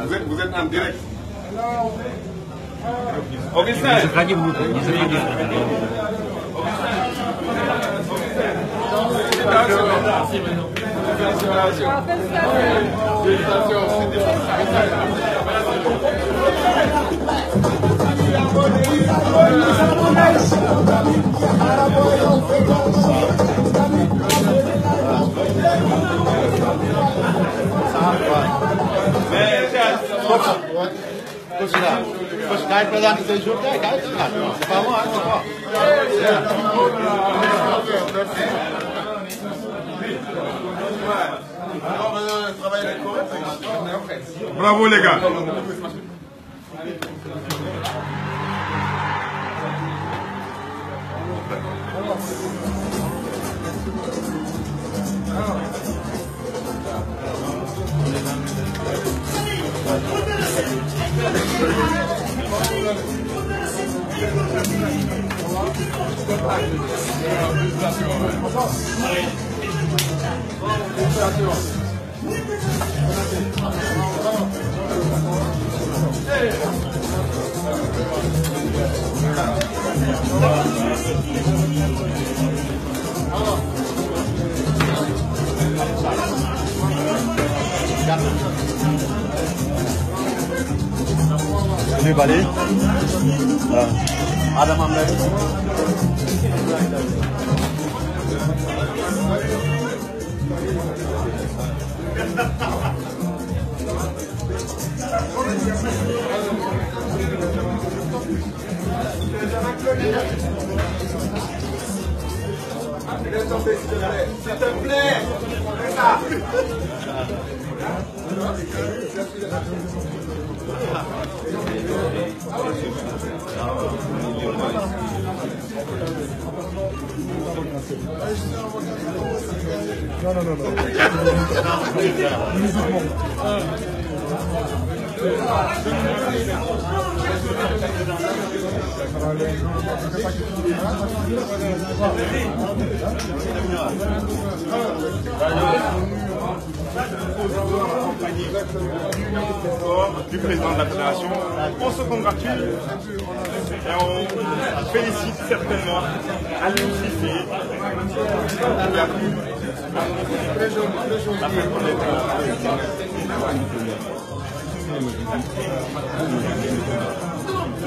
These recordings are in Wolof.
Vous êtes, vous êtes en direct. Augustin. Augustin. Félicitations. Koşunlar kadar bize çok da kaçtılar. Tamam, tamam. Bravo les gars. Anybody? Uh, Adam Amber. s'il te plaît. C'est ça. Non, non, non, non. Musiquement. du président de la fédération. On se congratule et on félicite certainement Aliou Cissé qui a pu la faire connaître la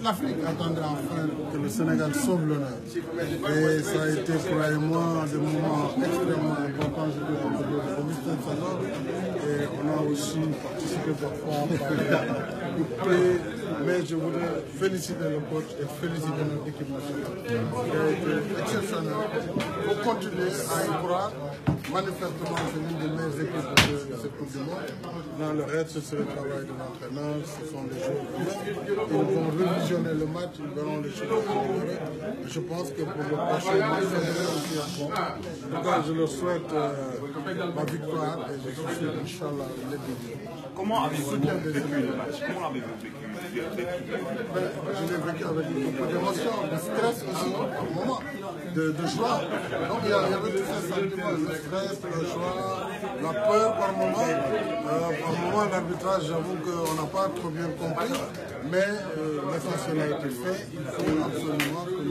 toute l'Afrique attendra enfin que le Sénégal sauve l'honneur. Et ça a été pour elle et moi des moments extrêmement importants. Je dois remercier Augustin Salon. Et on a aussi participé parfois par Mais je voudrais féliciter le coach et féliciter notre équipe nationale. qui a été exceptionnel. Il faut continuer à y croire. Manifestement, c'est l'une des meilleures équipes de cette Coupe du Monde. Dans le reste, ce serait le travail de l'entraîneur. Ce sont des choses. Ils vont visionné le match, nous verrons les choses améliorer. Je pense que pour le prochain match, c'est un En tout cas, je euh, victoire et je suis sûr, Inch'Allah, les bénis. Comment avez-vous vécu le match Comment avez-vous vécu ben, Je l'ai vécu avec beaucoup un moment, de, de joie. Donc il y, avait tous ces sentiments, le stress, la par moment. Euh, par moment, l'arbitrage, j'avoue qu'on n'a pas trop bien compris, mais euh, cela a été fait, il faut absolument que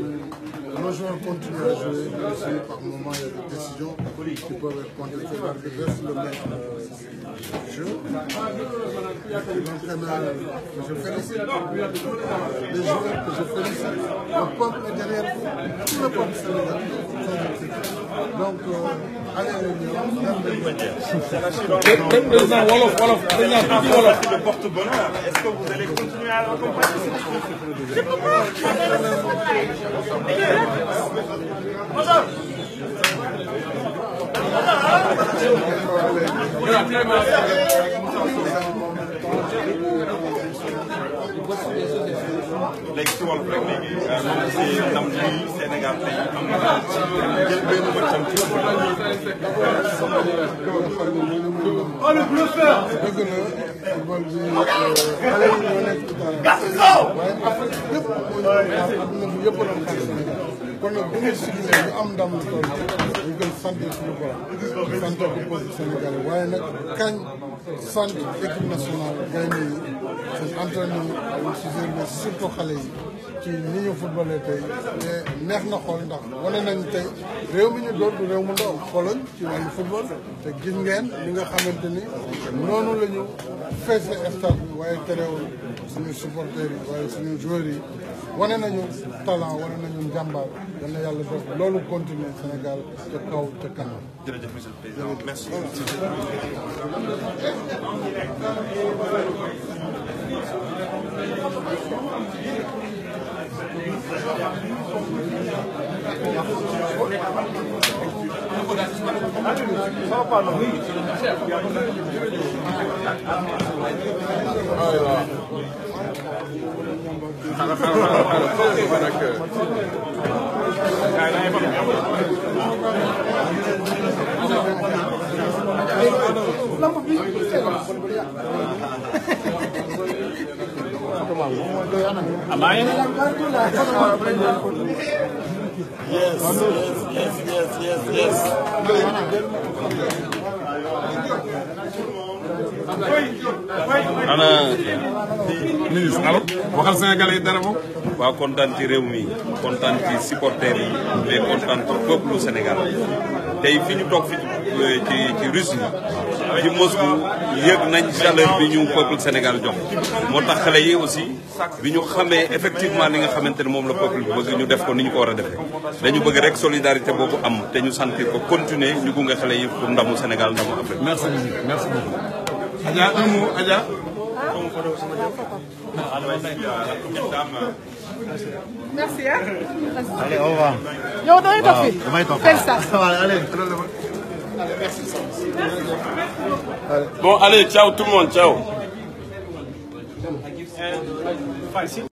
nos joueurs continuent à jouer, même si par moment il y a des décisions qui peuvent être contestées, mais reste le même jeu. Donc, euh, euh, je félicite euh, les joueurs que je félicite, le peuple est derrière vous, tout le peuple sénégalais. Donc, euh, président wolof wolof président wolof. le porte-bonheur. Est-ce que vous allez continuer à accompagner cette équipe? léegi ci wolof rek léegi euh, moom si ndam bi Sénégal tey am na ci jël benn bëccam ci Oh le bluffeur dëgg na football bi xale yi ñoo nekk ci waaye Afrique yëpp adduna bi yëpp doon xaar Sénégal kon nag bu ñu signé ñu am ndam lu toll ñu gën sant suñu borom sant ko peuple sénégalais waaye nag kañ sant équipe nationale gaynde yi suñ entraînement si seen bi surtout xale yi ci ni ñu footballé tey te neex na xool ndax wane nañ tey réew mi ñu doon du mu ndaw xooloñ ci wàllu football te gis ngeen li nga xamante ni noonu la ñu feese stade bi waaye terewul suñu supporters yi waaye suñu wane nañu talent wane nañu njàmbaar dana yàlla def loolu continuer Sénégal ca kaw ca kanam. lamb bi Am I? Yes, yes, yes, yes, yes. ana ministre allo waxal Sénégalais yi dara moom. waa kontaan ci réew mi kontaan ci supporters yi mais kontaan ci peuple Sénégal tey fi ñu toog fi euh, ci ci Russie ci Moscou yëg nañ chaleur bi ñu peuple Sénégal jox moo tax xale yi aussi. bi ñu xamee effectivement li nga xamante ne moom la peuple bëgg ñu def ko ni ñu ko war a defee dañu bëgg rek solidarité boobu am te ñu sentir ko continuer ñu gunge xale yi pour ndamu Sénégal ndamu Afrique. merci beaucoup merci beaucoup. Adja un bon allez ciao tout le monde facile.